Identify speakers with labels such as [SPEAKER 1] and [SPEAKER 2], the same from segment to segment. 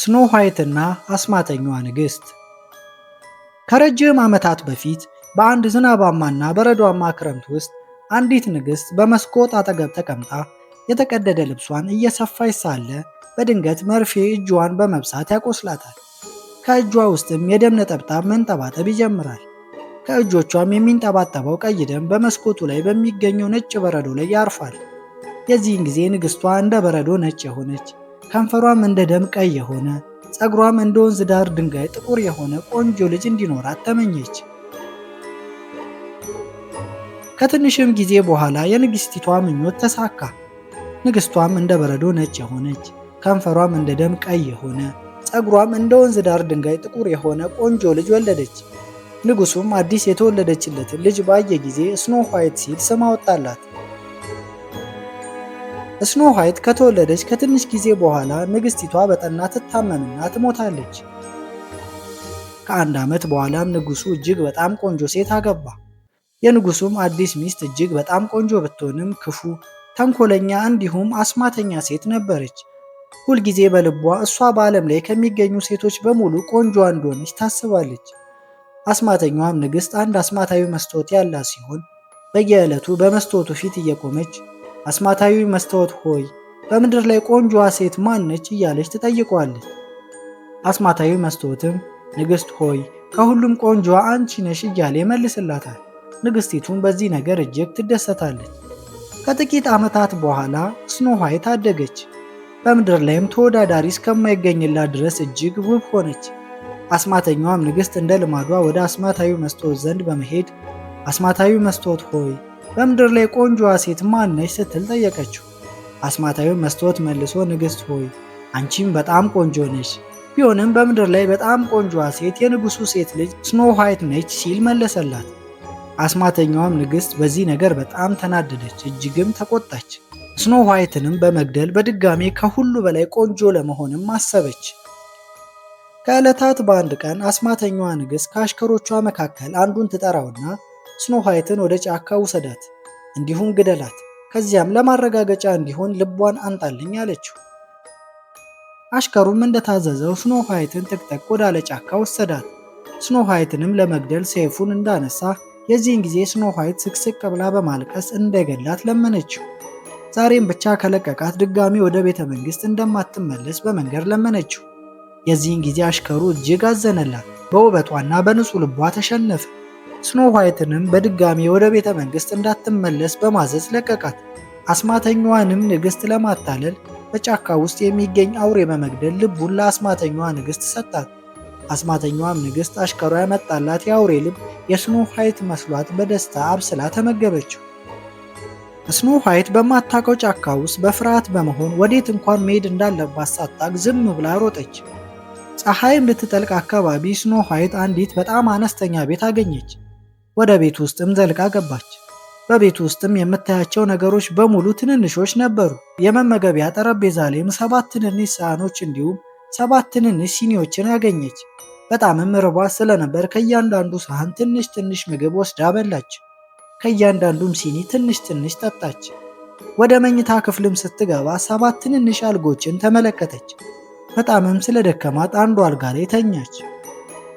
[SPEAKER 1] ስኖ ዋይት እና አስማተኛዋ ንግሥት ከረጅም ዓመታት በፊት በአንድ ዝናባማና በረዷማ ክረምት ውስጥ አንዲት ንግሥት በመስኮት አጠገብ ተቀምጣ የተቀደደ ልብሷን እየሰፋች ሳለ በድንገት መርፌ እጇን በመብሳት ያቆስላታል። ከእጇ ውስጥም የደም ነጠብጣብ መንጠባጠብ ይጀምራል። ከእጆቿም የሚንጠባጠበው ቀይ ደም በመስኮቱ ላይ በሚገኘው ነጭ በረዶ ላይ ያርፋል። የዚህን ጊዜ ንግሥቷ እንደ በረዶ ነጭ የሆነች ከንፈሯም እንደ ደም ቀይ የሆነ ፀጉሯም እንደ ወንዝ ዳር ድንጋይ ጥቁር የሆነ ቆንጆ ልጅ እንዲኖራት ተመኘች። ከትንሽም ጊዜ በኋላ የንግስቲቷ ምኞት ተሳካ። ንግስቷም እንደ በረዶ ነጭ የሆነች ከንፈሯም እንደ ደም ቀይ የሆነ ፀጉሯም እንደ ወንዝ ዳር ድንጋይ ጥቁር የሆነ ቆንጆ ልጅ ወለደች። ንጉሱም አዲስ የተወለደችለትን ልጅ ባየ ጊዜ ስኖ ኋይት ሲል ስም አወጣላት። ስኖ ዋይት ከተወለደች ከትንሽ ጊዜ በኋላ ንግስቲቷ በጠና ትታመምና ትሞታለች። ከአንድ ዓመት በኋላም ንጉሱ እጅግ በጣም ቆንጆ ሴት አገባ። የንጉሱም አዲስ ሚስት እጅግ በጣም ቆንጆ ብትሆንም ክፉ፣ ተንኮለኛ እንዲሁም አስማተኛ ሴት ነበረች። ሁልጊዜ በልቧ እሷ በዓለም ላይ ከሚገኙ ሴቶች በሙሉ ቆንጆ እንደሆነች ታስባለች። አስማተኛዋም ንግሥት አንድ አስማታዊ መስታወት ያላት ሲሆን በየዕለቱ በመስታወቱ ፊት እየቆመች አስማታዊ መስታወት ሆይ በምድር ላይ ቆንጆዋ ሴት ማነች? እያለች ትጠይቀዋለች። አስማታዊ መስታወትም ንግሥት ሆይ ከሁሉም ቆንጆዋ አንቺ ነሽ እያለ ይመልስላታል። ንግሥቲቱም በዚህ ነገር እጅግ ትደሰታለች። ከጥቂት ዓመታት በኋላ ስኖ ዋይት አደገች። በምድር ላይም ተወዳዳሪ እስከማይገኝላት ድረስ እጅግ ውብ ሆነች። አስማተኛዋም ንግሥት እንደ ልማዷ ወደ አስማታዊ መስታወት ዘንድ በመሄድ አስማታዊ መስታወት ሆይ በምድር ላይ ቆንጆዋ ሴት ማነች ስትል ጠየቀችው። አስማታዊ መስታወት መልሶ ንግሥት ሆይ አንቺም በጣም ቆንጆ ነች፣ ቢሆንም በምድር ላይ በጣም ቆንጆዋ ሴት የንጉሱ ሴት ልጅ ስኖ ነች ሲል መለሰላት። አስማተኛዋም ንግሥት በዚህ ነገር በጣም ተናደደች፣ እጅግም ተቆጣች። ስኖ በመግደል በድጋሜ ከሁሉ በላይ ቆንጆ ለመሆንም አሰበች። ከዕለታት በአንድ ቀን አስማተኛዋ ንግሥት ከአሽከሮቿ መካከል አንዱን ትጠራውና ስኖ ወደ ጫካ ውሰዳት፣ እንዲሁም ግደላት። ከዚያም ለማረጋገጫ እንዲሆን ልቧን አንጣልኝ አለችው። አሽከሩም እንደታዘዘው ስኖ ጥቅጥቅ ወዳለ ጫካ ወሰዳት። ስኖ ለመግደል ሰይፉን እንዳነሳ የዚህን ጊዜ ስኖ ስቅስቅ ብላ በማልቀስ እንደገላት ለመነችው። ዛሬም ብቻ ከለቀቃት ድጋሚ ወደ ቤተ መንግሥት እንደማትመለስ በመንገድ ለመነችው። የዚህን ጊዜ አሽከሩ እጅግ አዘነላት፣ በውበቷና በንጹሕ ልቧ ተሸነፈ። ስኖ ዋይትንም በድጋሚ ወደ ቤተ መንግሥት እንዳትመለስ በማዘዝ ለቀቃት። አስማተኛዋንም ንግሥት ለማታለል በጫካ ውስጥ የሚገኝ አውሬ በመግደል ልቡን ለአስማተኛዋ ንግሥት ሰጣት። አስማተኛዋም ንግሥት አሽከሯ ያመጣላት የአውሬ ልብ የስኖ ዋይት መስሏት በደስታ አብስላ ተመገበችው። ስኖ ዋይት በማታውቀው ጫካ ውስጥ በፍርሃት በመሆን ወዴት እንኳን መሄድ እንዳለባት ሳታቅ ዝም ብላ ሮጠች። ፀሐይ ልትጠልቅ አካባቢ ስኖ ዋይት አንዲት በጣም አነስተኛ ቤት አገኘች። ወደ ቤት ውስጥም ዘልቃ ገባች። በቤት ውስጥም የምታያቸው ነገሮች በሙሉ ትንንሾች ነበሩ። የመመገቢያ ጠረጴዛ ላይም ሰባት ትንንሽ ሳህኖች እንዲሁም ሰባት ትንንሽ ሲኒዎችን አገኘች። በጣምም ርቧ ስለነበር ከእያንዳንዱ ሳህን ትንሽ ትንሽ ምግብ ወስዳ በላች። ከእያንዳንዱም ሲኒ ትንሽ ትንሽ ጠጣች። ወደ መኝታ ክፍልም ስትገባ ሰባት ትንንሽ አልጎችን ተመለከተች። በጣምም ስለደከማት አንዱ አልጋ ላይ ተኛች።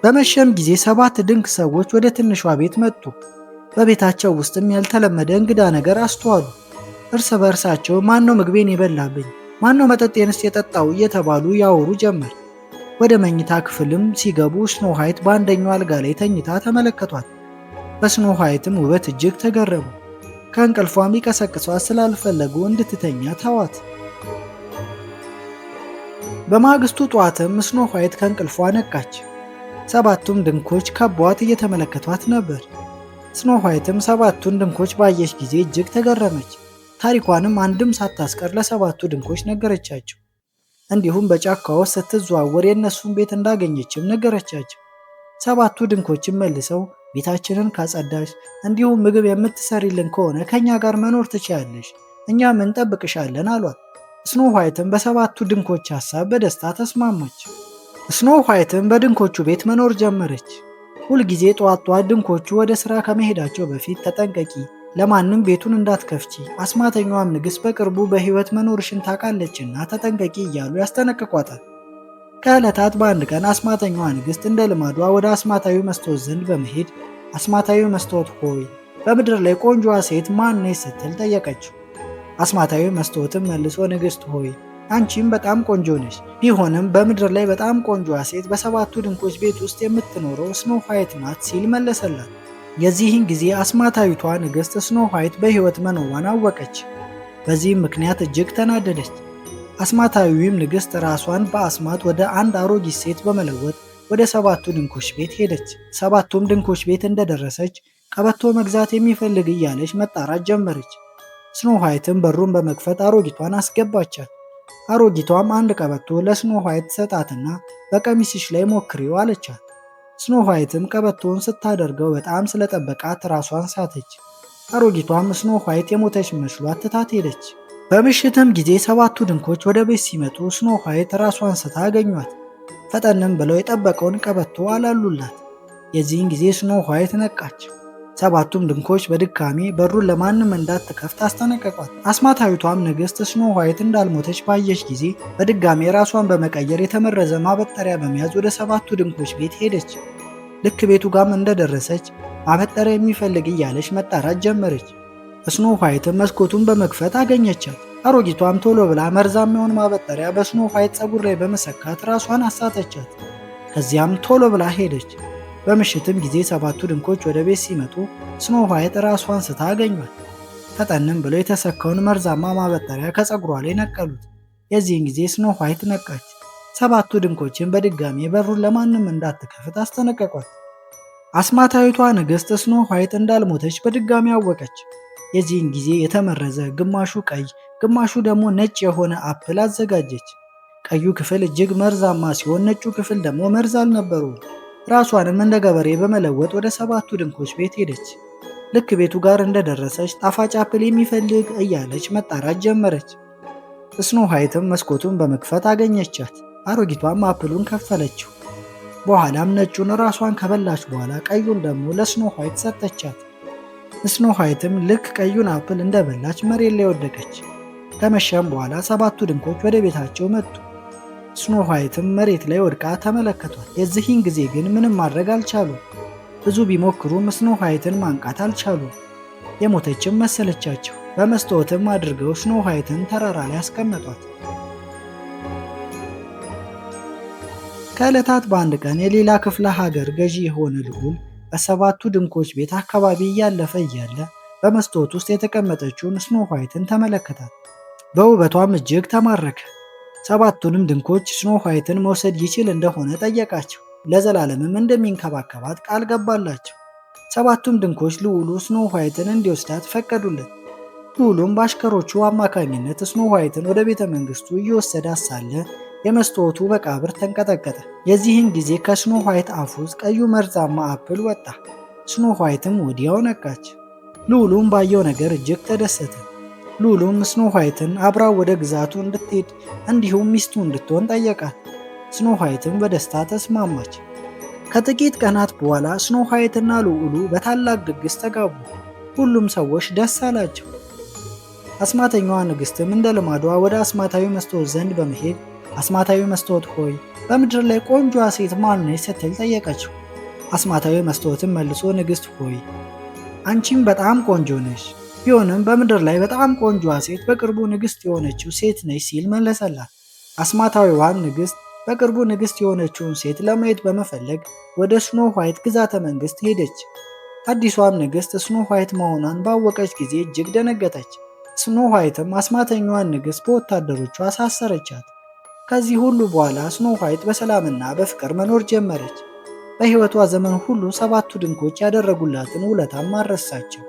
[SPEAKER 1] በመሸም ጊዜ ሰባት ድንቅ ሰዎች ወደ ትንሿ ቤት መጡ። በቤታቸው ውስጥም ያልተለመደ እንግዳ ነገር አስተዋሉ። እርስ በእርሳቸው ማነው ምግቤን የበላብኝ፣ ማነው መጠጤንስ የጠጣው እየተባሉ ያወሩ ጀመር። ወደ መኝታ ክፍልም ሲገቡ ስኖ በአንደኛው አልጋ ላይ ተኝታ ተመለከቷት። በስኖ ውበት እጅግ ተገረሙ። ከእንቅልፏም ሊቀሰቅሷት ስላልፈለጉ እንድትተኛ ተዋት። በማግስቱ ጠዋትም ስኖ ከእንቅልፏ ነቃች። ሰባቱም ድንኮች ከቧት እየተመለከቷት ነበር። ስኖ ኋይትም ሰባቱን ድንኮች ባየች ጊዜ እጅግ ተገረመች። ታሪኳንም አንድም ሳታስቀር ለሰባቱ ድንኮች ነገረቻቸው። እንዲሁም በጫካ ውስጥ ስትዘዋወር የእነሱን ቤት እንዳገኘችም ነገረቻቸው። ሰባቱ ድንኮችም መልሰው ቤታችንን ካጸዳሽ፣ እንዲሁም ምግብ የምትሰሪልን ከሆነ ከእኛ ጋር መኖር ትችያለሽ፣ እኛም እንጠብቅሻለን አሏት። ስኖ ኋይትም በሰባቱ ድንኮች ሐሳብ በደስታ ተስማማች። ስኖ ዋይትም በድንኮቹ ቤት መኖር ጀመረች። ሁልጊዜ ጠዋት ጠዋት ድንኮቹ ወደ ሥራ ከመሄዳቸው በፊት ተጠንቀቂ፣ ለማንም ቤቱን እንዳትከፍቺ፣ አስማተኛዋም ንግሥት በቅርቡ በሕይወት መኖርሽን ታውቃለችና ተጠንቀቂ እያሉ ያስጠነቅቋታል። ከዕለታት በአንድ ቀን አስማተኛዋ ንግሥት እንደ ልማዷ ወደ አስማታዊ መስታወት ዘንድ በመሄድ አስማታዊ መስታወት ሆይ በምድር ላይ ቆንጆዋ ሴት ማን ነች ስትል ጠየቀችው። አስማታዊ መስታወትም መልሶ ንግሥት ሆይ አንቺም በጣም ቆንጆ ነች። ቢሆንም በምድር ላይ በጣም ቆንጆ ሴት በሰባቱ ድንኮች ቤት ውስጥ የምትኖረው ስኖ ናት ሲል መለሰላት። የዚህን ጊዜ አስማታዊቷ ንግሥት ስኖ ዋይት በሕይወት መኖዋን አወቀች። በዚህም ምክንያት እጅግ ተናደደች። አስማታዊም ንግሥት ራሷን በአስማት ወደ አንድ አሮጊት ሴት በመለወጥ ወደ ሰባቱ ድንኮች ቤት ሄደች። ሰባቱም ድንኮች ቤት እንደደረሰች ቀበቶ መግዛት የሚፈልግ እያለች መጣራት ጀመረች። ስኖ በሩን በመክፈት አሮጊቷን አስገባቻት። አሮጊቷም አንድ ቀበቶ ለስኖ ዋይት ሰጣትና በቀሚስሽ ላይ ሞክሪው አለቻት። ስኖ ዋይትም ቀበቶውን ስታደርገው በጣም ስለጠበቃት ራሷን ሳተች። አሮጊቷም ስኖ ዋይት የሞተች መስሏት ትታት ሄደች። በምሽትም ጊዜ ሰባቱ ድንኮች ወደ ቤት ሲመጡ ስኖ ዋይት ራሷን ስታ አገኟት። ፈጠንም ብለው የጠበቀውን ቀበቶ አላሉላት። የዚህን ጊዜ ስኖ ዋይት ነቃች። ሰባቱም ድንኮች በድካሜ በሩን ለማንም እንዳትከፍት አስጠነቀቋት። አስማታዊቷም ንግሥት ስኖ ዋይት እንዳልሞተች ባየች ጊዜ በድጋሜ ራሷን በመቀየር የተመረዘ ማበጠሪያ በመያዝ ወደ ሰባቱ ድንኮች ቤት ሄደች። ልክ ቤቱ ጋም እንደደረሰች ማበጠሪያ የሚፈልግ እያለች መጣራት ጀመረች። ስኖ ኋይትን መስኮቱን በመክፈት አገኘቻት። አሮጊቷም ቶሎ ብላ መርዛማውን ማበጠሪያ በስኖ ኋይት ፀጉር ላይ በመሰካት ራሷን አሳተቻት። ከዚያም ቶሎ ብላ ሄደች። በምሽትም ጊዜ ሰባቱ ድንኮች ወደ ቤት ሲመጡ ስኖ ዋይት ራሷን ስታ አገኟል። ፈጠንም ብለው የተሰካውን መርዛማ ማበጠሪያ ከፀጉሯ ላይ ነቀሉት። የዚህን ጊዜ ስኖ ዋይት ነቃች። ሰባቱ ድንኮችን በድጋሚ በሩን ለማንም እንዳትከፍት አስጠነቀቋት። አስማታዊቷ ንግሥት ስኖ እንዳልሞተች በድጋሚ አወቀች። የዚህን ጊዜ የተመረዘ ግማሹ ቀይ ግማሹ ደግሞ ነጭ የሆነ አፕል አዘጋጀች። ቀዩ ክፍል እጅግ መርዛማ ሲሆን ነጩ ክፍል ደግሞ መርዝ አልነበረውም። ራሷንም እንደ ገበሬ በመለወጥ ወደ ሰባቱ ድንኮች ቤት ሄደች። ልክ ቤቱ ጋር እንደደረሰች ጣፋጭ አፕል የሚፈልግ እያለች መጣራት ጀመረች። ስኖ ዋይትም መስኮቱን በመክፈት አገኘቻት። አሮጊቷም አፕሉን ከፈለችው። በኋላም ነጩን ራሷን ከበላች በኋላ ቀዩን ደግሞ ለስኖ ዋይት ሰጠቻት። ስኖ ዋይትም ልክ ቀዩን አፕል እንደበላች መሬት ላይ ወደቀች። ከመሸም በኋላ ሰባቱ ድንኮች ወደ ቤታቸው መጡ። ስኖኋይትም መሬት ላይ ወድቃ ተመለከቷል። የዚህን ጊዜ ግን ምንም ማድረግ አልቻሉም። ብዙ ቢሞክሩም ስኖኋይትን ማንቃት አልቻሉም። የሞተችም መሰለቻቸው። በመስታወትም አድርገው ስኖኋይትን ተራራ ላይ አስቀመጧት። ከዕለታት በአንድ ቀን የሌላ ክፍለ ሀገር ገዢ የሆነ ልዑል በሰባቱ ድንኮች ቤት አካባቢ እያለፈ እያለ በመስታወት ውስጥ የተቀመጠችውን ስኖ ዋይትን ተመለከታት። በውበቷም እጅግ ተማረከ። ሰባቱንም ድንኮች ስኖ ዋይትን መውሰድ ይችል እንደሆነ ጠየቃቸው። ለዘላለምም እንደሚንከባከባት ቃል ገባላቸው። ሰባቱም ድንኮች ልዑሉ ስኖ ዋይትን እንዲወስዳት ፈቀዱለት። ልዑሉም በአሽከሮቹ አማካኝነት ስኖ ዋይትን ወደ ቤተ መንግስቱ እየወሰዳት ሳለ የመስታወቱ መቃብር ተንቀጠቀጠ። የዚህን ጊዜ ከስኖ ዋይት አፍ ውስጥ ቀዩ መርዛማ አፕል ወጣ። ስኖ ዋይትም ወዲያው ነቃች። ልዑሉም ባየው ነገር እጅግ ተደሰተ። ሉሉም ስኖ ኋይትን አብራ ወደ ግዛቱ እንድትሄድ እንዲሁም ሚስቱ እንድትሆን ጠየቃት። ስኖ ኋይትም በደስታ ተስማማች። ከጥቂት ቀናት በኋላ ስኖ ኋይትና ልዑሉ በታላቅ ድግስ ተጋቡ። ሁሉም ሰዎች ደስ አላቸው። አስማተኛዋ ንግስትም እንደ ልማዷ ወደ አስማታዊ መስታወት ዘንድ በመሄድ አስማታዊ መስታወት ሆይ በምድር ላይ ቆንጆ ሴት ማነች ስትል ጠየቀችው። አስማታዊ መስታወትም መልሶ ንግሥት ሆይ አንቺም በጣም ቆንጆ ነሽ ቢሆንም በምድር ላይ በጣም ቆንጆዋ ሴት በቅርቡ ንግሥት የሆነችው ሴት ነች ሲል መለሰላት። አስማታዊዋን ንግሥት በቅርቡ ንግሥት የሆነችውን ሴት ለማየት በመፈለግ ወደ ስኖ ኋይት ግዛተ መንግሥት ሄደች። አዲሷም ንግሥት ስኖ ኋይት መሆኗን ባወቀች ጊዜ እጅግ ደነገጠች። ስኖ ኋይትም አስማተኛዋን ንግሥት በወታደሮቿ አሳሰረቻት። ከዚህ ሁሉ በኋላ ስኖ ኋይት በሰላምና በፍቅር መኖር ጀመረች። በሕይወቷ ዘመን ሁሉ ሰባቱ ድንኮች ያደረጉላትን ውለታም አረሳቸው።